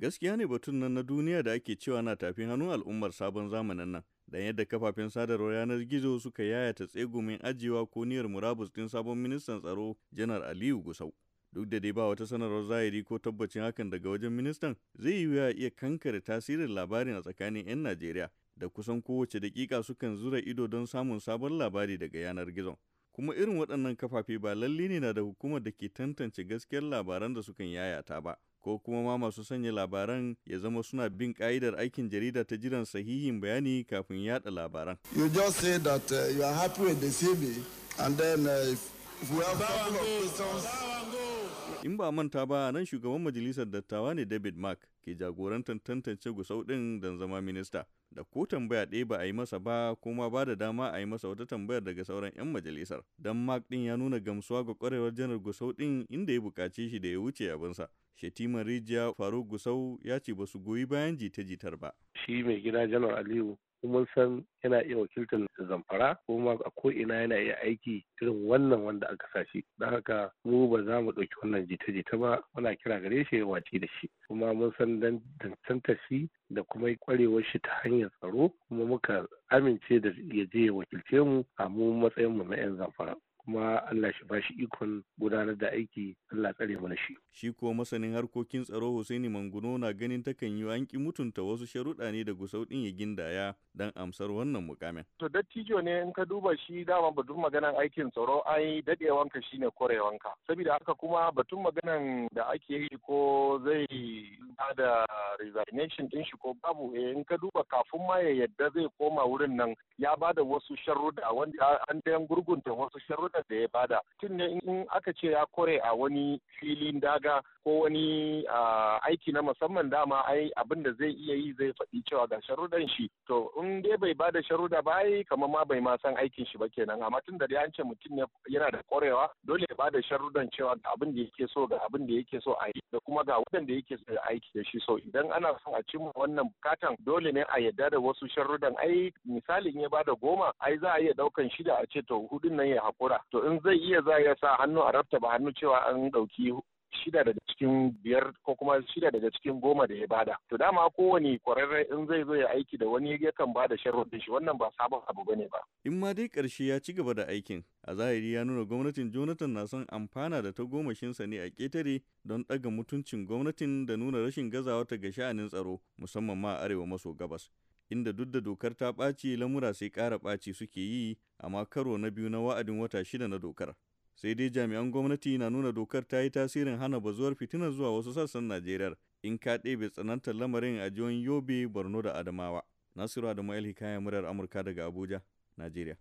Gaskiya ne batun nan na duniya da ake cewa na tafi hannun al'ummar sabon zamanin nan. Dan yadda kafafen sadarwar yanar gizo suka yayata tsegumin ajiyewa ko niyyar murabus din sabon ministan tsaro janar Aliyu Gusau. Duk da dai ba wata sanarwar zahiri ko tabbacin hakan daga wajen ministan zai yi wuya iya kankare tasirin labarin a tsakanin 'yan Najeriya da kusan kowace dakika sukan zura ido don samun sabon labari daga yanar gizon. kuma irin waɗannan kafafe ba lalle ne na da hukumar da ke tantance gaskiyar labaran da sukan yayata ba ko kuma ma masu sanya labaran ya zama suna bin ka'idar aikin jarida ta jiran sahihin bayani kafin yada labaran. You just say that uh, you are happy with the CV and then uh, if we have a couple of questions. In ba manta ba nan shugaban majalisar dattawa ne David Mark ke jagorantar tantance gusau ɗin don zama minista. da ko tambaya ɗaya ba a yi masa ba kuma ba da dama a yi masa wata tambayar daga sauran 'yan majalisar don mark ɗin ya nuna gamsuwa ga kwarewar janar gusau ɗin inda ya buƙace shi da ya wuce abinsa Shetima Rijiya Faruk Gusau ya ce ba su goyi bayan jita-jitar ba. Shi mai gida Janar Aliyu mun san yana iya wakiltar zamfara kuma a ko'ina yana iya aiki irin wannan wanda aka sa shi don haka mu ba za mu ɗauki wannan jita-jita ba muna kira gare shi ya wace da shi kuma mun san dantanta shi da kuma kwarewar shi ta hanyar tsaro kuma muka amince da ya je ya wakilce mu a mu matsayin mu na 'yan zamfara. kuma Allah shi bashi ikon gudanar da aiki Allah tsare mana shi. Shi ko masanin harkokin tsaro Husaini Manguno na ganin takan yi an ki mutunta wasu sharuɗa ne da gusau ɗin ya gindaya dan amsar wannan mukamin. To dattijo ne in ka duba shi dama batun maganan aikin tsaro an yi ka shine korewanka. Saboda haka kuma batun maganan da ake yi ko zai ba da resignation din shi ko babu eh, in ka duba kafin ma ya yadda zai koma wurin nan ya bada wasu sharruda wanda an dayan gurgunta wasu sharruda da ya bada tun ne in aka ce ya kore a wani filin daga ko wani ah, aiki na musamman dama ai abin da zai iya yi zai faɗi cewa ga sharudan shi to in dai bai bada sharuda ba ai kamar ma bai ma san aikin shi ba kenan amma tun da dai an ce mutum ne yana da korewa dole ya bada sharudan cewa ga abin da yake so ga abin da yake so a yi da kuma ga waɗanda yake so aiki da shi so idan ana son a cimma wannan bukatan dole ne a yadda da wasu sharrudan ai misalin ya bada goma ai za a iya daukan shida a ce to hudun nan ya hakura to in zai iya za ya sa hannu a ba hannu cewa an dauki shida daga cikin biyar ko kuma shida daga cikin goma da ya bada to dama kowane kwararre in zai zo ya aiki da wani yakan bada sharuɗin shi wannan ba sabon abu bane ba in ma dai ƙarshe ya ci gaba da aikin a zahiri ya nuna gwamnatin jonathan na son amfana da ta gomashinsa ne a ƙetare don ɗaga mutuncin gwamnatin da nuna rashin gazawa ta ga sha'anin tsaro musamman ma arewa maso gabas inda duk da dokar ta ɓaci lamura sai ƙara ɓaci suke yi amma karo na biyu na wa'adin wata shida na dokar sai dai jami'an gwamnati na nuna dokar ta yi tasirin hana bazuwar fitinar zuwa wasu sassan najeriya in ka ɗebe tsanantar lamarin a jihohin yobe borno da adamawa nasiru adamu alhikaya murar amurka daga abuja najeriya